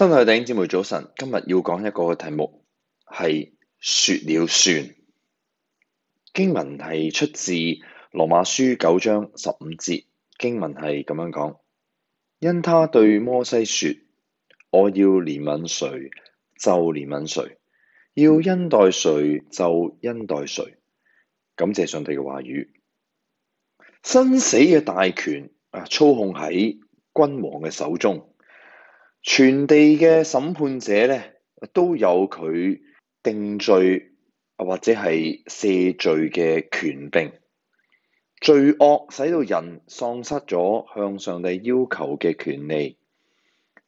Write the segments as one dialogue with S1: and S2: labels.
S1: 親愛的弟兄姊妹早晨，今日要講一個題目，係說了算。經文係出自羅馬書九章十五節，經文係咁樣講：因他對摩西說，我要憐憫誰就憐憫誰，要恩待誰就恩待誰。感謝上帝嘅話語，生死嘅大權啊，操控喺君王嘅手中。全地嘅審判者咧，都有佢定罪或者係赦罪嘅權柄。罪惡使到人喪失咗向上帝要求嘅權利，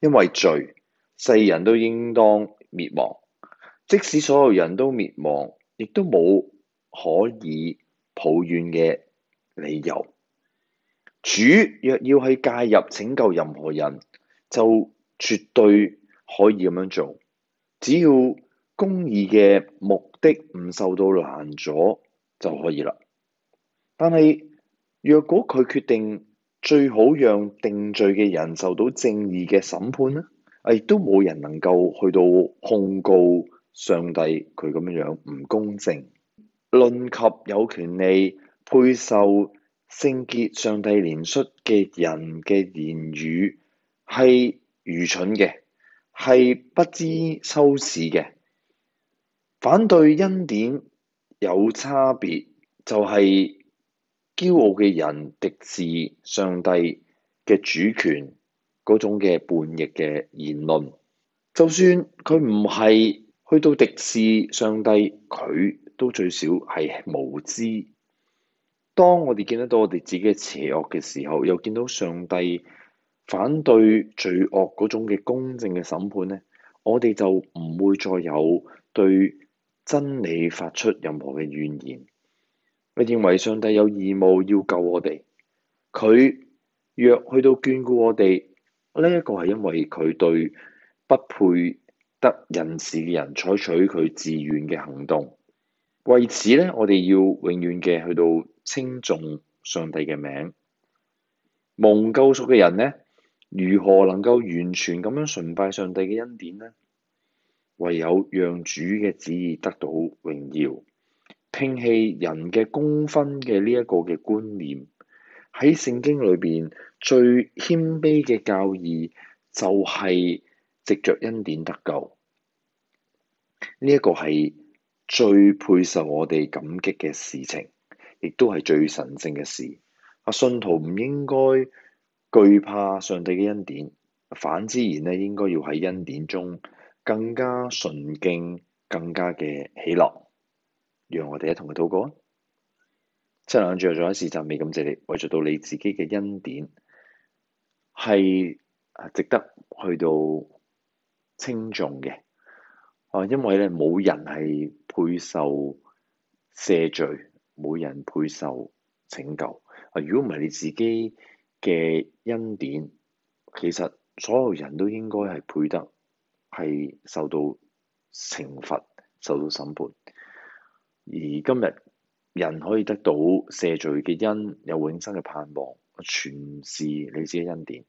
S1: 因為罪，世人都應當滅亡。即使所有人都滅亡，亦都冇可以抱怨嘅理由。主若要去介入拯救任何人，就。絕對可以咁樣做，只要公義嘅目的唔受到攔阻就可以啦。但係若果佢決定最好讓定罪嘅人受到正義嘅審判咧，亦都冇人能夠去到控告上帝佢咁樣唔公正。論及有權利配受聖潔上帝憐恤嘅人嘅言語係愚蠢嘅，係不知羞恥嘅，反對恩典有差別，就係、是、驕傲嘅人敵視上帝嘅主權嗰種嘅叛逆嘅言論。就算佢唔係去到敵視上帝，佢都最少係無知。當我哋見得到我哋自己嘅邪惡嘅時候，又見到上帝。反對罪惡嗰種嘅公正嘅審判呢？我哋就唔會再有對真理發出任何嘅怨言。你認為上帝有義務要救我哋？佢若去到眷顧我哋呢一個，係因為佢對不配得仁慈嘅人採取佢自願嘅行動。為此呢，我哋要永遠嘅去到稱頌上帝嘅名。蒙救贖嘅人呢？如何能夠完全咁樣崇拜上帝嘅恩典呢？唯有讓主嘅旨意得到榮耀，摒棄人嘅功勳嘅呢一個嘅觀念。喺聖經裏邊最謙卑嘅教義就係藉着恩典得救。呢、這、一個係最配受我哋感激嘅事情，亦都係最神聖嘅事。啊，信徒唔應該。懼怕上帝嘅恩典，反之言呢，應該要喺恩典中更加崇敬，更加嘅喜樂。讓我哋一同去禱告啊！七兩主又再一次讚美感謝你，為咗到你自己嘅恩典，係值得去到稱頌嘅。啊，因為咧冇人係配受赦罪，冇人配受拯救。啊，如果唔係你自己。嘅恩典，其實所有人都應該係配得，係受到懲罰、受到審判。而今日人可以得到赦罪嘅恩，有永生嘅盼望，全是你自己恩典。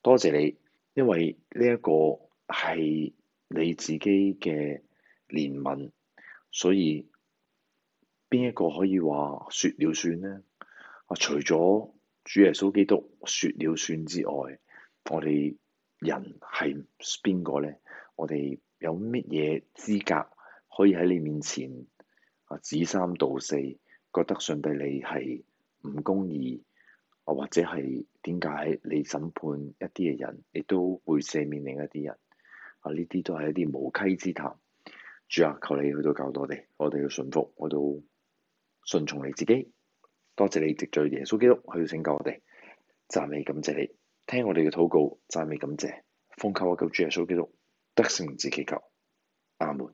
S1: 多謝你，因為呢一個係你自己嘅憐憫，所以邊一個可以話説了算呢？啊，除咗主耶穌基督説了算之外，我哋人係邊個呢？我哋有乜嘢資格可以喺你面前啊，指三道四？覺得上帝你係唔公義，啊，或者係點解你審判一啲嘅人，亦都會赦免另一啲人？啊，呢啲都係一啲無稽之談。主啊，求你去到救我哋，我哋要信服，我都順從你自己。多謝你藉著耶穌基督去拯救我哋，讚美感謝你，聽我哋嘅禱告，讚美感謝，奉靠我救主耶穌基督得勝之祈求，阿門。